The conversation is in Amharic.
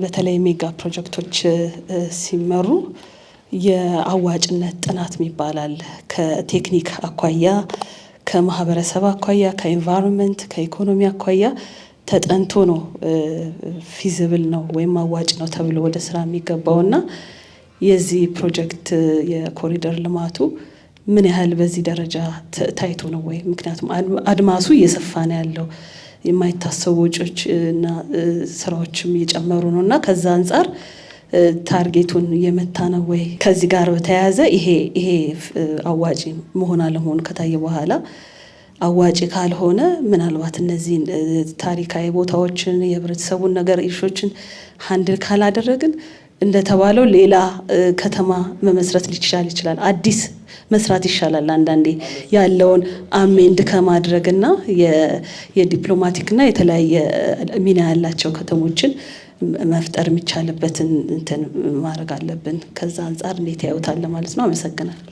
በተለይ ሜጋ ፕሮጀክቶች ሲመሩ የአዋጭነት ጥናት የሚባል አለ። ከቴክኒክ አኳያ፣ ከማህበረሰብ አኳያ፣ ከኢንቫይሮንመንት ከኢኮኖሚ አኳያ ተጠንቶ ነው ፊዚብል ነው ወይም አዋጭ ነው ተብሎ ወደ ስራ የሚገባው እና የዚህ ፕሮጀክት የኮሪደር ልማቱ ምን ያህል በዚህ ደረጃ ታይቶ ነው ወይ? ምክንያቱም አድማሱ እየሰፋ ነው ያለው የማይታሰቡ ወጪዎች እና ስራዎችም እየጨመሩ ነው እና ከዛ አንጻር ታርጌቱን የመታ ነው ወይ? ከዚህ ጋር በተያያዘ ይሄ ይሄ አዋጪ መሆን አለመሆኑ ከታየ በኋላ አዋጪ ካልሆነ ምናልባት እነዚህን ታሪካዊ ቦታዎችን የህብረተሰቡን ነገር ኢሹዎችን ሀንድል ካላደረግን እንደተባለው ሌላ ከተማ መመስረት ሊቻል ይችላል። አዲስ መስራት ይሻላል። አንዳንዴ ያለውን አሜንድ ከማድረግና የዲፕሎማቲክና የተለያየ ሚና ያላቸው ከተሞችን መፍጠር የሚቻልበትን እንትን ማድረግ አለብን። ከዛ አንጻር እንዴት ያዩታል ማለት ነው። አመሰግናል።